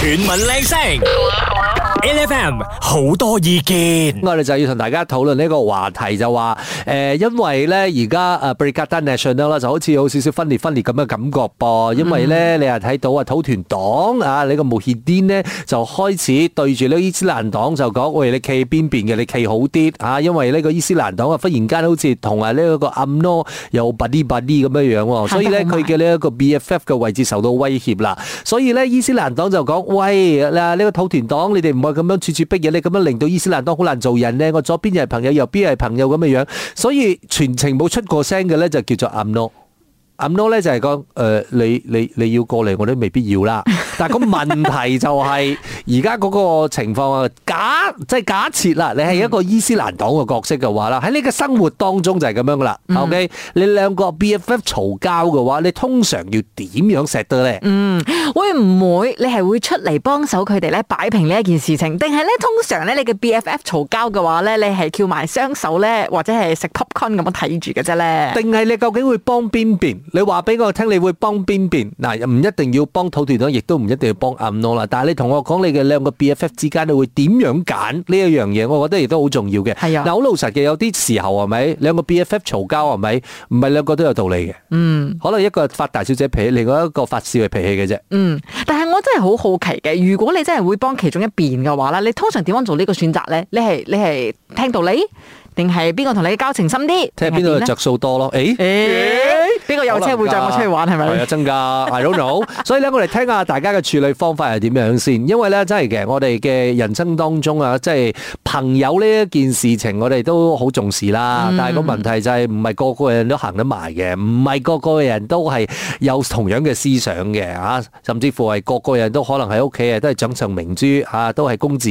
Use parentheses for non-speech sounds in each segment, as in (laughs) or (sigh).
全民靚聲，L F M 好多意見，我哋就要同大家討論呢個話題，就話誒，因為咧而家啊，Perikatan Nasional 啦，就好似有少少分裂分裂咁嘅感覺噃。因為咧，mm-hmm. 你又睇到團黨啊，土團黨啊，呢個穆罕丁呢，就開始對住呢個伊斯蘭黨就講：喂，你企邊邊嘅？你企好啲啊！因為呢，這個伊斯蘭黨啊，忽然間好似同埋呢個安華有啲 buddy buddy 咁樣樣喎，嗯。所以咧，佢嘅呢一個 B F F 嘅位置受到威脅啦。所以咧，伊斯蘭黨就講。喂，嗱呢個土團黨，你哋唔可以咁樣處處逼嘢，你咁樣令到伊斯蘭黨好難做人呢，我左邊又係朋友，右邊又係朋友咁嘅樣，所以全程冇出過聲嘅呢，就叫做暗諾。咁咧就係講，誒、呃、你你你要過嚟我都未必要啦。但係個問題就係而家嗰個情況啊，假即係、就是、假設啦，你係一個伊斯蘭黨嘅角色嘅話啦，喺呢個生活當中就係咁樣噶啦。嗯、o、okay? K，你兩個 B F F 嘈交嘅話，你通常要點樣錫得咧？嗯，會唔會你係會出嚟幫手佢哋咧擺平呢一件事情？定係咧通常咧你嘅 B F F 嘈交嘅話咧，你係翹埋雙手咧，或者係食 popcorn 咁樣睇住嘅啫咧？定係你究竟會幫邊邊？你話俾我聽，你會幫邊邊？嗱，唔一定要幫土團黨，亦都唔一定要幫阿 no 啦。但係你同我講，你嘅兩個 BFF 之間，你會點樣揀呢一樣嘢？我覺得亦都好重要嘅。係啊，嗱，好老實嘅，有啲時候係咪兩個 BFF 嘈交係咪？唔係兩個都有道理嘅。嗯，可能一個發大小姐脾氣，另外一個發笑嘅脾氣嘅啫。嗯，但係我真係好好奇嘅，如果你真係會幫其中一邊嘅話咧，你通常點樣做呢個選擇咧？你係你係聽道理，定係邊個同你交情深啲？聽邊個着數多咯？誒誒。欸欸呢個有車會撞冇車玩係咪係增加，I don't know。 (laughs) 所以咧，我哋聽下大家嘅處理方法係點樣先？因為咧，真係嘅，我哋嘅人生當中啊，即係朋友呢一件事情，我哋都好重視啦。但係個問題就係唔係個個人都行得埋嘅，唔係個個人都係有同樣嘅思想嘅，甚至乎係個個人都可能喺屋企啊，都係掌上明珠都係公子，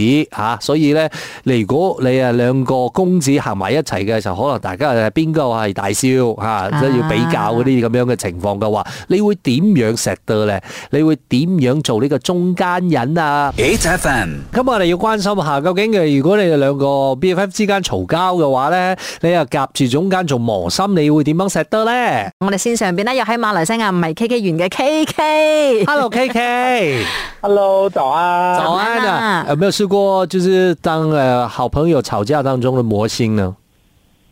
所以咧，你如果你啊兩個公子行埋一齊嘅時候，就可能大家誒邊個係大笑，嚇，即要比較嗰啲。呢啲咁樣嘅情況嘅話，你會點樣錫得咧？你會點樣做呢個中間人啊？h 七分，咁我哋要關心下，究竟如果你哋兩個 B F F 之間嘈交嘅話咧，你又夾住中間做磨心，你會點樣錫得咧？我哋線上邊咧，又喺馬來西亞唔係 K K 員嘅 K K，Hello K K，Hello (laughs) 早啊，早安啊，有冇有試過，就是當誒好朋友吵架當中的磨心呢？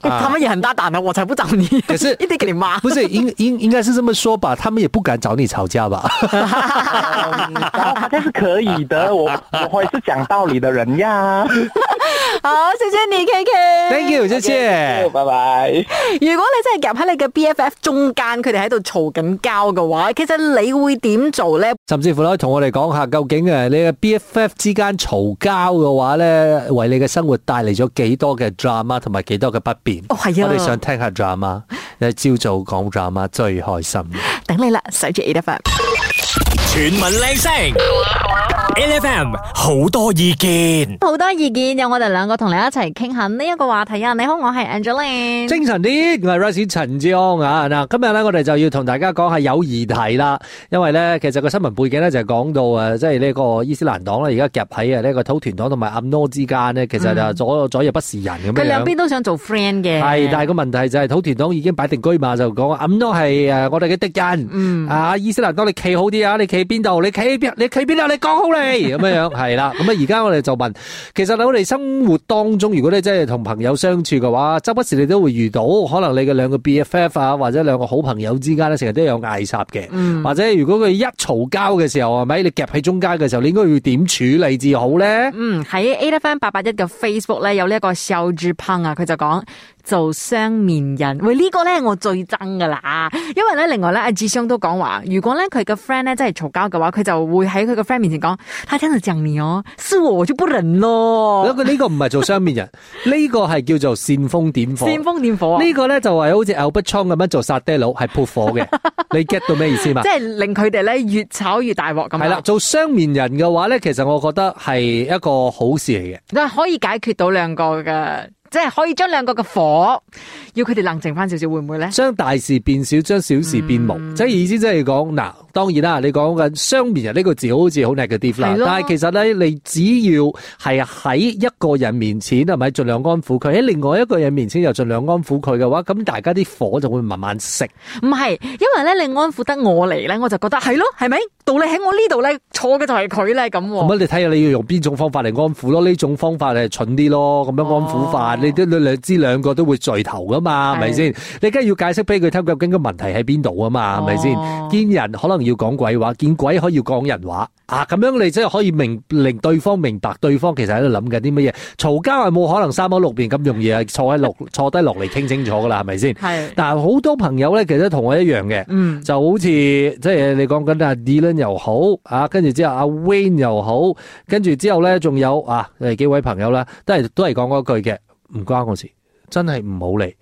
啊、他們也很大膽的。啊，我才不找你，可是一定給你媽。 (laughs) 不是，應應應該是這麼說吧，他們也不敢找你吵架吧？這、 (laughs) um, 是可以的， (laughs) 我我也是講道理的人呀 (laughs) 。好，謝謝你，K K，Thank you，謝謝拜拜。如果你真係夾喺你嘅 B F F 中間，佢哋喺度嘈緊交嘅話，其實你會點做咧？甚至乎可以同我哋講下，究竟誒你嘅 B F F 之間嘈交嘅話咧，為你嘅生活帶嚟咗幾多嘅 drama 同埋幾多嘅不便，我哋想聽下 drama，你朝早講 drama 最開心。等你啦，洗住 A 得翻。全民靚聲。L.F.M. 好多意見，好多意見，有我哋兩個同你一齊傾下呢一個話題啊！你好，我係 Angeline，精神啲，我係 Russi 陳章啊！嗱，今日咧我哋就要同大家講下友誼題啦，因為咧其實個新聞背景咧就係講到誒，即係呢個伊斯蘭黨咧而家夾喺啊呢個土團黨同埋阿諾之間咧，其實就左左右不是人咁樣。佢兩邊都想做 friend 嘅，係，但係個問題就係土團黨已經擺定居嘛，就講阿諾係誒我哋嘅敵人，嗯，啊伊斯蘭黨你企好啲啊，你企邊度？你企邊？你企邊啊？你講好咧。咁 (laughs) 樣樣係啦，咁啊而家我哋就問，其實喺我哋生活當中，如果你真係同朋友相處嘅話，周不時你都會遇到，可能你嘅兩個 BFF 啊，或者兩個好朋友之間咧，成日都有嗌霎嘅，或者如果佢一嘈交嘅時候，係咪你夾喺中間嘅時候，你應該要點處理至好咧？嗯，喺 A F M 八八一嘅 Facebook 咧有呢一個 Shawju Pang 啊，佢就講。做雙面人，喂呢、這個咧我最憎噶啦，因為咧另外咧阿志商都講話，如果咧佢個 friend 咧真係嘈交嘅話，佢就會喺佢個 friend 面前講，他聽到正面哦，是我我就不能咯。咁佢呢個唔係做雙面人，呢 (laughs) 個係叫做煽風點火，煽風點火。呢、這個咧就係好似牛不衝咁樣做殺爹佬，係撲火嘅。 (laughs) 你 get 到咩意思嘛？即係令佢哋咧越炒越大鑊咁。係啦，做雙面人嘅話咧，其實我覺得係一個好事嚟嘅，但係可以解決到兩個嘅即係可以將兩個嘅火，要佢哋冷靜翻少少，會唔會咧？將大事變小，將小事變無，即、嗯、係意思即係講嗱。當然啦，你講嘅雙面人呢個字，好似好叻 e a 啦。但係其實咧，你只要係喺一個人面前，係咪盡量安撫佢？喺另外一個人面前又盡量安撫佢嘅話，咁大家啲火就會慢慢熄。唔係，因為咧你安撫得我嚟咧，我就覺得係咯，係咪道理喺我呢度咧？錯嘅就係佢咧，咁、啊。咁、嗯、乜？你睇下你要用邊種方法嚟安撫咯？呢種方法係蠢啲咯，咁樣安撫法。哦你都兩知兩個都會聚頭噶嘛，係咪先？你梗係要解釋俾佢聽，究竟個問題喺邊度啊嘛，係咪先？見人可能要講鬼話，見鬼可以要講人話啊！咁樣你即係可以明令對方明白對方其實喺度諗緊啲乜嘢。嘈交係冇可能三口六面咁容易係坐喺落坐低落嚟傾清楚噶啦，係咪先？但係好多朋友咧，其實同我一樣嘅，嗯，就好似、嗯、即係你講緊阿 Dylan 又好啊，跟住之後阿 Wayne 又好，跟住之後咧仲有啊，誒幾位朋友啦，都係都係講嗰句嘅。唔關我事，真係唔好理。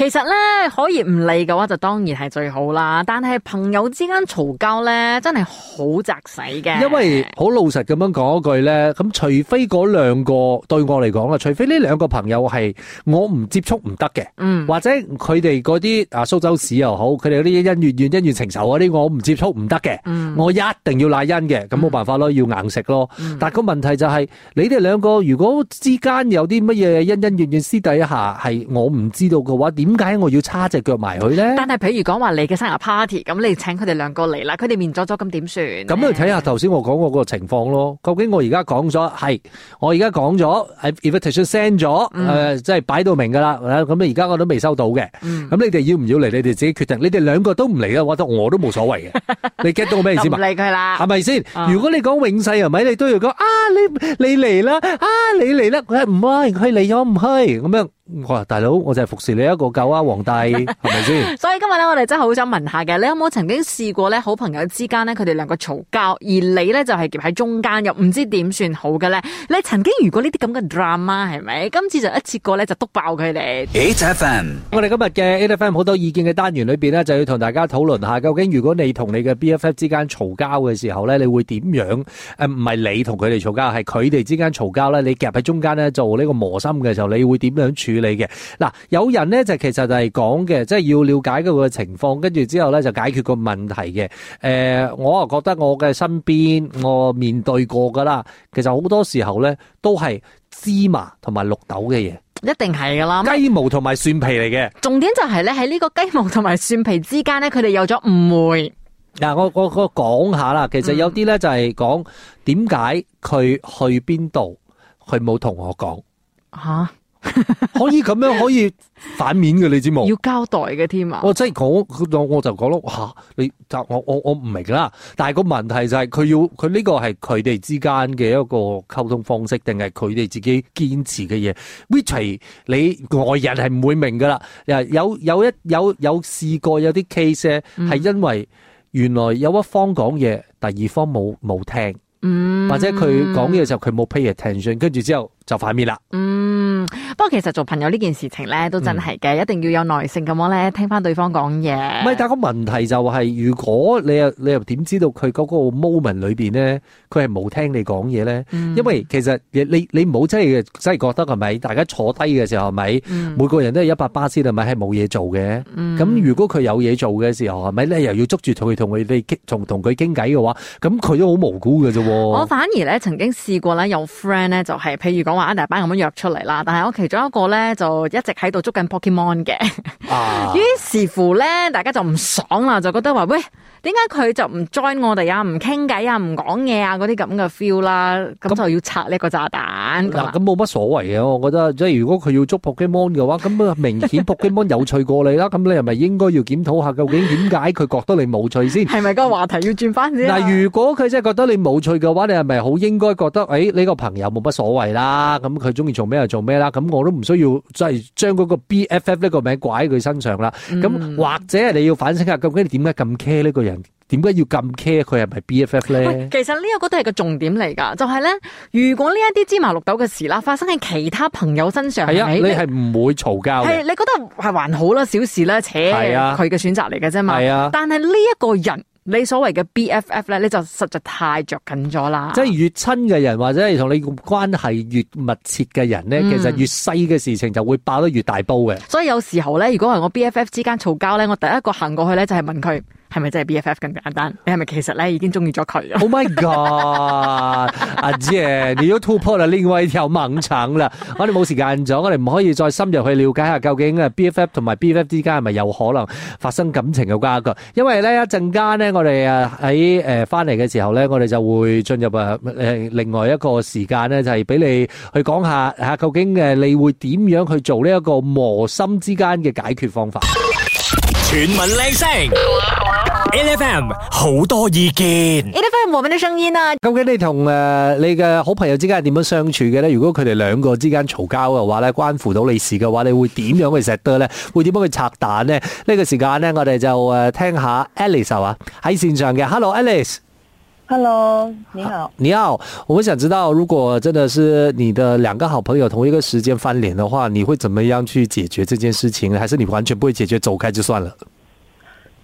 其實咧可以唔理嘅話就當然係最好啦，但係朋友之間嘈交咧真係好窄死嘅。因為好老實咁樣講一句咧，咁除非嗰兩個對我嚟講啊，除非呢兩個朋友係我唔接觸唔得嘅，嗯，或者佢哋嗰啲啊蘇州市又好，佢哋啲恩怨怨恩怨情仇啊啲我唔接觸唔得嘅，嗯，我一定要賴恩嘅，咁冇辦法咯，嗯，要硬食咯。嗯、但係個問題就係、係、你哋兩個如果之間有啲乜嘢恩恩怨怨私底下係我唔知道嘅話，點？點解我要叉隻腳埋佢咧？但係譬如講話你嘅生日 party，咁你請佢哋兩個嚟啦，佢哋面阻阻咁點算？咁啊睇下頭先我講過個情況咯，究竟我而家講咗係，我而家講咗，係 invitation send 咗，誒，即係擺到明噶啦。咁啊，而家我都未收到嘅。咁你哋要唔要嚟？你哋自己決定。你哋兩個都唔嚟嘅話，都我都冇所謂嘅。你 get 到我咩意思嘛？唔理佢啦，係咪先？如果你講永世啊，係咪你都要講啊，你你嚟啦，啊，你嚟啦，唔係佢嚟咗，唔去咁樣。哇，大佬，我就係服侍你一個狗啊！皇帝係咪先？ (laughs) 係咪 (laughs) 所以今日咧，我哋真係好想問下嘅，你有冇曾經試過咧？好朋友之間咧，佢哋兩個嘈交，而你咧就係夾喺中間，又唔知點算好嘅咧？你曾經如果呢啲咁嘅 drama 係咪？今次就一次過咧就督爆佢哋。A T F M， (laughs) 我哋今日嘅 A T F M 好多意見嘅單元裏邊呢，就要同大家討論下，究竟如果你同你嘅 B F F 之間嘈交嘅時候咧，你會點樣？誒，唔係你同佢哋嘈交，係佢哋之間嘈交咧，你夾喺中間咧做呢個磨心嘅時候，你會點樣，呃，樣處理？嘅嗱，有人咧就其實係講嘅，即係要了解佢嘅情況，跟住之後咧就解決個問題嘅。誒、呃，我啊覺得我嘅身邊我面對過噶啦，其實好多時候咧都係芝麻同埋綠豆嘅嘢，一定係噶啦，雞毛同埋蒜皮嚟嘅。重點就係咧喺呢個雞毛同埋蒜皮之間咧，佢哋有咗誤會。嗱，我我我講下啦，其實有啲咧就係講點解佢去邊度，佢冇同我講吓。啊 (laughs) 可以咁樣，可以反面嘅你知冇？要交代嘅添啊！我即係講，我我就講咯，吓、啊、你，我我我唔明噶啦。但係個問題就係佢要佢呢個係佢哋之間嘅一個溝通方式，定係佢哋自己堅持嘅嘢？Which 係你外人係唔會明噶啦。有有一有有試過有啲 case 係因為原來有一方講嘢，第二方冇冇聽、嗯，或者佢講嘢嘅時候佢冇 pay attention，跟住之後就反面啦。嗯不過其實做朋友呢件事情咧，都真係嘅，一定要有耐性咁樣咧，聽翻對方講嘢。唔係，但係個問題就係，如果你又你又點知道佢嗰個 moment 裏邊咧，佢係冇聽你講嘢咧？因為其實你你唔好真係真係覺得係咪？大家坐低嘅時候係咪？每個人都係一百巴先啦，咪係冇嘢做嘅。咁如果佢有嘢做嘅時候係咪咧？又要捉住佢同佢哋傾同同佢傾偈嘅話，咁佢都好無辜㗎啫。我反而咧曾經試過咧，有 friend 咧就係譬如講話一大班咁樣約出嚟啦，但係屋企仲有一個咧，就一直喺度捉緊 Pokemon 嘅，啊、 (laughs) 於是乎咧，大家就唔爽啦，就覺得話喂。點解佢就唔 join 我哋啊？唔傾偈啊？唔講嘢啊？嗰啲咁嘅 feel 啦，咁就要拆呢一個炸彈嗱。咁冇乜所謂嘅，我覺得即係如果佢要捉 Pokemon 嘅話，咁啊明顯 Pokemon 有趣過你啦。咁你係咪應該要檢討下究竟點解佢覺得你冇趣先？係咪個話題要轉翻先嗱？如果佢真係覺得你冇趣嘅話，你係咪好應該覺得誒呢個朋友冇乜所謂啦？咁佢中意做咩就做咩啦？咁我都唔需要即係將嗰個 BFF 呢個名掛喺佢身上啦。咁或者係你要反省下，究竟點解咁 care 呢個人？點解要咁 care 佢係咪 BFF 咧？其實呢一個都係個重點嚟噶，就係、是、咧，如果呢一啲芝麻綠豆嘅事啦，發生喺其他朋友身上，係啊，你係唔會嘈交嘅。你覺得係還好啦，小事啦，且係啊，佢嘅選擇嚟嘅啫嘛。係啊，但係呢一個人，你所謂嘅 BFF 咧，你就實在太着緊咗啦。即、就、係、是、越親嘅人，或者係同你關係越密切嘅人咧、嗯，其實越細嘅事情就會爆得越大煲嘅。所以有時候咧，如果係我 BFF 之間嘈交咧，我第一個行過去咧就係問佢。係咪真係 BFF 咁簡單？你係咪其實咧已經中意咗佢啊？Oh my god！阿姐，你都突破啦另外一條盲腸啦！我哋冇時間咗，我哋唔可以再深入去了解下究竟誒 BFF 同埋 BFF 之間係咪有可能發生感情嘅瓜葛？因為咧一陣間咧，我哋啊喺誒翻嚟嘅時候咧，我哋就會進入誒誒另外一個時間咧，就係俾你去講下吓究竟誒你會點樣去做呢一個磨心之間嘅解決方法？全民靚聲！LFM 好多意見。LFM 我們的聲音啊！究竟你同誒、呃、你嘅好朋友之間係點樣相處嘅咧？如果佢哋兩個之間嘈交嘅話咧，關乎到你事嘅話，你會點樣去 settle 咧？會點樣去拆彈咧？呢、這個時間咧，我哋就誒、呃、聽一下 Alice 啊，喺線上嘅。Hello，Alice。Hello，你好。啊、你好，我想知道，如果真的是你的兩個好朋友同一個時間翻臉嘅話，你會怎麼樣去解決這件事情？還是你完全不會解決，走開就算了？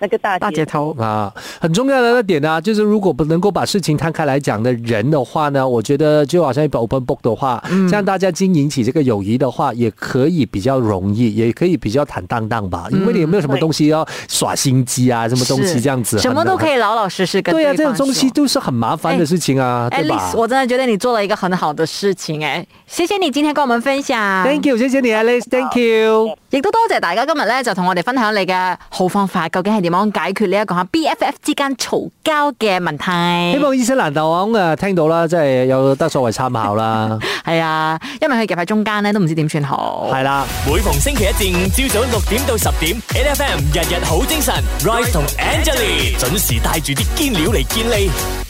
那個大大家頭啊，很重要的那點啊，就是如果不能夠把事情攤開來講的人的話呢，我覺得就好像一本 open book 的話，這樣、嗯、大家經營起這個友誼的話，也可以比較容易，也可以比較坦蕩蕩吧。嗯、因為你有沒有什麼東西要耍心機啊，什麼東西這樣子，什麼都可以老老實實跟對，對啊，這種東西都是很麻煩的事情啊，哎、對 Lisa, 我真的覺得你做了一個很好的事情，誒，謝謝你今天跟我們分享。Thank you，謝謝你啊 Lisa Thank you。亦都多謝，謝大家今日咧，就同我哋分享你嘅好方法，究竟係點？望解決呢一個吓 BFF 之間嘈交嘅問題。希望醫生蘭導啊聽到啦，即係有得作為參考啦。係啊，因為佢夾喺中間咧，都唔知點算好。係啦，每逢星期一至五朝早六點到十點，FM 日日好精神，Rise 同 Angelie 準時帶住啲堅料嚟見你。